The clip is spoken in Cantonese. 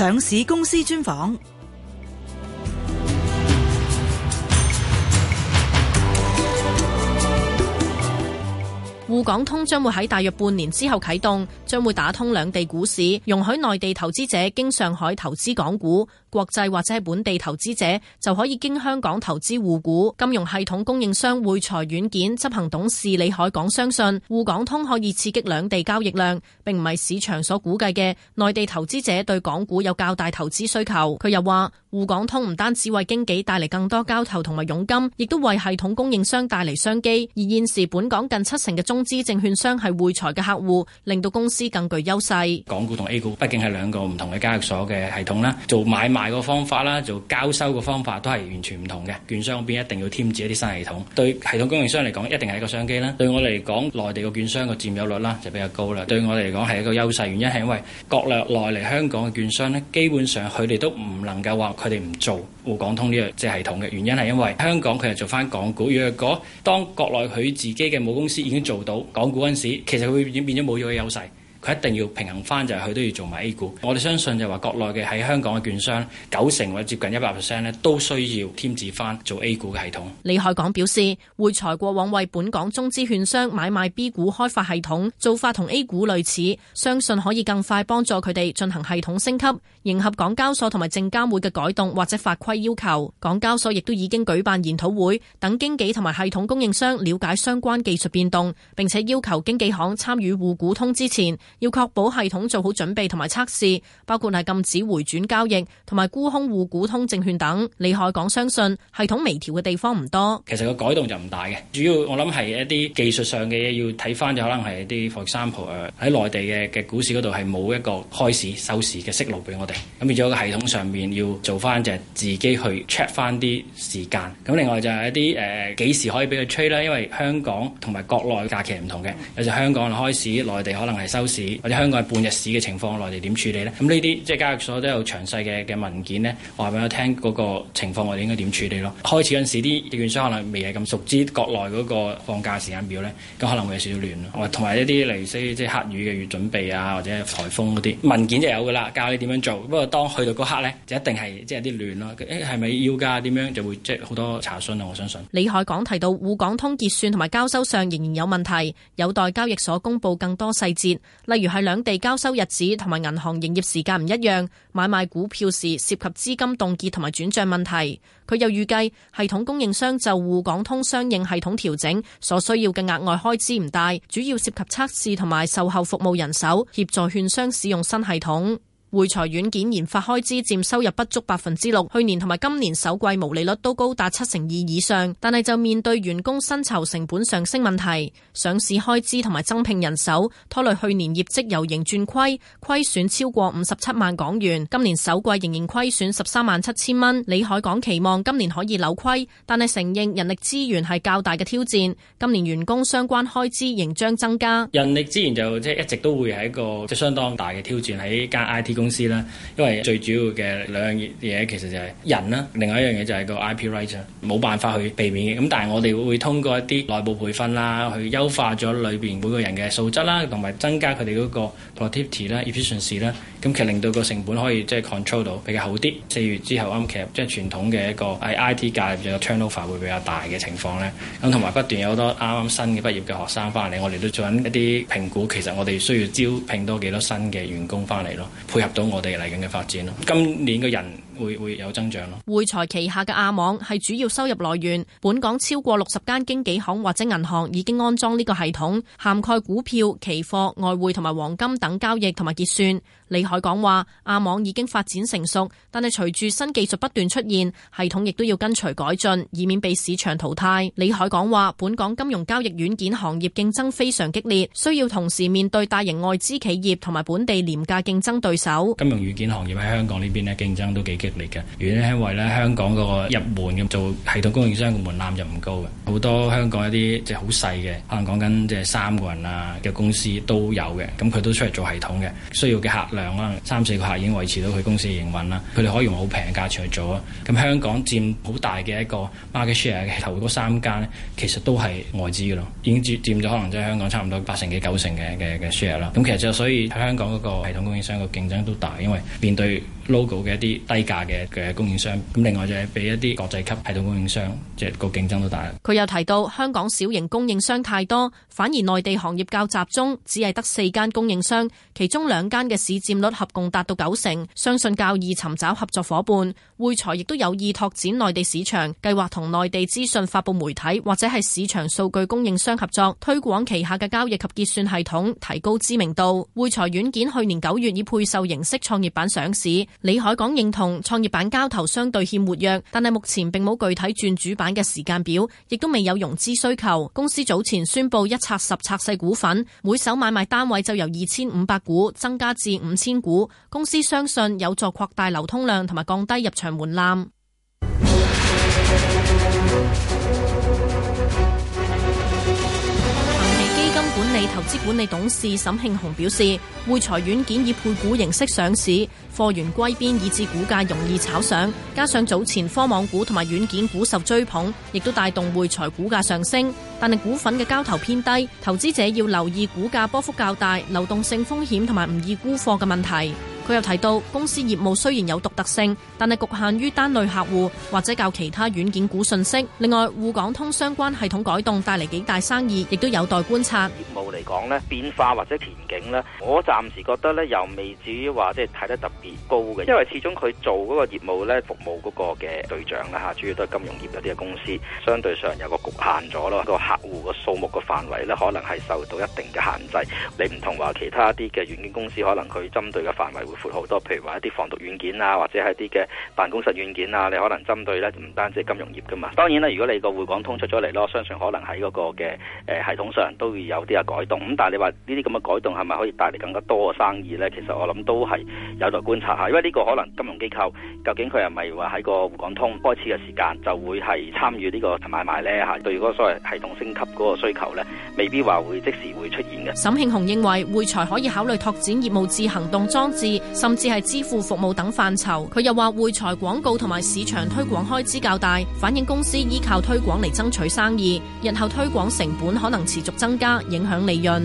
上市公司專訪，滬港通將會喺大約半年之後啟動，將會打通兩地股市，容許內地投資者經上海投資港股。國際或者係本地投資者就可以經香港投資滬股。金融系統供應商匯財軟件執行董事李海港相信，滬港通可以刺激兩地交易量，並唔係市場所估計嘅內地投資者對港股有較大投資需求。佢又話，滬港通唔單止為經紀帶嚟更多交投同埋佣金，亦都為系統供應商帶嚟商機。而現時本港近七成嘅中資證券商係匯財嘅客戶，令到公司更具優勢。港股同 A 股畢竟係兩個唔同嘅交易所嘅系統啦，做買賣。賣個方法啦，做交收個方法都係完全唔同嘅。券商嗰邊一定要添置一啲新系統，對系統供應商嚟講一定係一個商機啦。對我嚟講，內地個券商個佔有率啦就比較高啦。對我嚟講係一個優勢，原因係因為國內嚟香港嘅券商呢，基本上佢哋都唔能夠話佢哋唔做滬港通呢個即係系統嘅。原因係因為香港佢係做翻港股，若果當國內佢自己嘅母公司已經做到港股嗰陣時候，其實佢已經變咗冇咗個優勢。佢一定要平衡翻，就係佢都要做埋 A 股。我哋相信就話國內嘅喺香港嘅券商九成或者接近一百 percent 咧，都需要添置翻做 A 股嘅系統。李海港表示，匯財過往為本港中資券商買賣 B 股開發系統做法同 A 股類似，相信可以更快幫助佢哋進行系統升級，迎合港交所同埋證監會嘅改動或者法規要求。港交所亦都已經舉辦研討會，等經紀同埋系統供應商了解相關技術變動，並且要求經紀行參與滬股通之前，要確保系統做好準備同埋測試，包括係禁止回轉交易同埋沽空互股通證券等。李海港相信系統微調嘅地方唔多，其實個改動就唔大嘅。主要我諗係一啲技術上嘅嘢，要睇翻就可能係一啲貨商喺內地嘅嘅股市嗰度係冇一個開始收市嘅息路俾我哋。咁變咗個系統上面要做翻就係自己去 check 翻啲時間。咁另外就係一啲誒幾時可以俾佢 t 啦，因為香港同埋國內假期唔同嘅，有、就、時、是、香港開始，內地可能係收市。或者香港係半日市嘅情況，我哋點處理呢？咁呢啲即係交易所都有詳細嘅嘅文件咧，話俾我，我聽嗰個情況，我哋應該點處理咯？開始嗰陣時候，啲券商可能未係咁熟知國內嗰個放假時間表呢，咁可能會有少少亂咯。同埋一啲例如即係黑雨嘅預準備啊，或者颱風嗰啲文件就有㗎啦，教你點樣做。不過當去到嗰刻呢，就一定係即係啲亂咯。誒係咪要加點樣就會即係好多查詢啊？我相信李海港提到，滬港通結算同埋交收上仍然有問題，有待交易所公布更多細節。例如喺兩地交收日子同埋銀行營業時間唔一樣，買賣股票時涉及資金凍結同埋轉賬問題。佢又預計系統供應商就滬港通相應系統調整所需要嘅額外開支唔大，主要涉及測試同埋售後服務人手協助券商使用新系統。匯財軟件研發開支佔收入不足百分之六，去年同埋今年首季毛利率都高達七成二以上，但係就面對員工薪酬成本上升問題，上市開支同埋增聘人手拖累去年業績由盈轉虧，虧損超過五十七萬港元，今年首季仍然虧損十三萬七千蚊。李海港期望今年可以扭虧，但係承認人力資源係較大嘅挑戰，今年員工相關開支仍將增加。人力資源就即係一直都會係一個即相當大嘅挑戰喺間 IT 公司啦，因為最主要嘅兩樣嘢其實就係人啦，另外一樣嘢就係個 IP rights，冇辦法去避免嘅。咁但係我哋會通過一啲內部培訓啦，去優化咗裏邊每個人嘅素質啦，同埋增加佢哋嗰個 productivity 啦，efficiency 啦。咁其實令到個成本可以即係 control 到比較好啲。四月之後啱其實即係傳統嘅一個 IT 界入邊嘅 channel 會會比較大嘅情況咧。咁同埋不斷有好多啱啱新嘅畢業嘅學生翻嚟，我哋都做緊一啲評估，其實我哋需要招聘多幾多新嘅員工翻嚟咯，配合到我哋嚟緊嘅發展咯。今年嘅人。會會有增長咯。匯財旗下嘅亞網係主要收入來源，本港超過六十間經紀行或者銀行已經安裝呢個系統，涵蓋股票、期貨、外匯同埋黃金等交易同埋結算。李海港話亞網已經發展成熟，但係隨住新技術不斷出現，系統亦都要跟隨改進，以免被市場淘汰。李海港話本港金融交易軟件行業競爭非常激烈，需要同時面對大型外資企業同埋本地廉價競爭對手。金融軟件行業喺香港這邊呢邊咧競爭都幾激烈。嚟嘅，而且因為咧香港個入門咁，做系統供應商嘅門檻就唔高嘅，好多香港一啲即係好細嘅，可能講緊即係三個人啊嘅公司都有嘅，咁佢都出嚟做系統嘅，需要嘅客量可能三四個客已經維持到佢公司嘅營運啦，佢哋可以用好平嘅價錢去做啊。咁香港佔好大嘅一個 market share，嘅頭嗰三間呢，其實都係外資嘅咯，已經佔咗可能即係香港差唔多八成幾九成嘅嘅嘅 share 啦。咁其實就係、所以喺香港嗰個系統供應商個競爭都大，因為面對 logo 嘅一啲低價嘅嘅供應商，咁另外就係俾一啲國際級系統供應商，即係個競爭都大。佢又提到香港小型供應商太多，反而內地行業較集中，只係得四間供應商，其中兩間嘅市佔率合共達到九成，相信較易尋找合作夥伴。匯財亦都有意拓展內地市場，計劃同內地資訊發布媒體或者係市場數據供應商合作，推廣旗下嘅交易及結算系統，提高知名度。匯財軟件去年九月以配售形式創業板上市。李海港認同創業板交投相對欠活躍，但係目前並冇具體轉主板嘅時間表，亦都未有融資需求。公司早前宣布一拆十拆細股份，每手買賣單位就由二千五百股增加至五千股。公司相信有助擴大流通量同埋降低入場門檻。資管理董事沈慶雄表示，匯財軟件以配股形式上市，貨源歸邊以致股價容易炒上，加上早前科網股同埋軟件股受追捧，亦都帶動匯財股價上升。但係股份嘅交投偏低，投資者要留意股價波幅較大，流動性風險同埋唔易沽貨嘅問題。佢又提到，公司業務雖然有獨特性，但係局限於單類客戶或者較其他軟件股信息。另外，滬港通相關系統改動帶嚟幾大生意，亦都有待觀察。業務嚟講咧，變化或者前景咧，我暫時覺得咧，又未至於話即係睇得特別高嘅，因為始終佢做嗰個業務咧，服務嗰個嘅對象啦吓，主要都係金融業嗰啲嘅公司，相對上有個局限咗咯，個客戶個數目個範圍咧，可能係受到一定嘅限制。你唔同話其他啲嘅軟件公司，可能佢針對嘅範圍會好多，譬如話一啲防毒軟件啊，或者係啲嘅辦公室軟件啊，你可能針對咧唔單止金融業噶嘛。當然啦，如果你個滬港通出咗嚟咯，相信可能喺嗰個嘅誒系統上都會有啲啊改動。咁但係你話呢啲咁嘅改動係咪可以帶嚟更加多嘅生意咧？其實我諗都係有待觀察下，因為呢個可能金融機構究竟佢係咪話喺個滬港通開始嘅時間就會係參與呢個買賣咧？嚇，對嗰個所謂系統升級嗰個需求咧，未必話會即時會出現嘅。沈慶雄認為匯財可以考慮拓展業務至行動裝置。甚至係支付服務等範疇，佢又話匯財廣告同埋市場推廣開支較大，反映公司依靠推廣嚟爭取生意，日後推廣成本可能持續增加，影響利潤。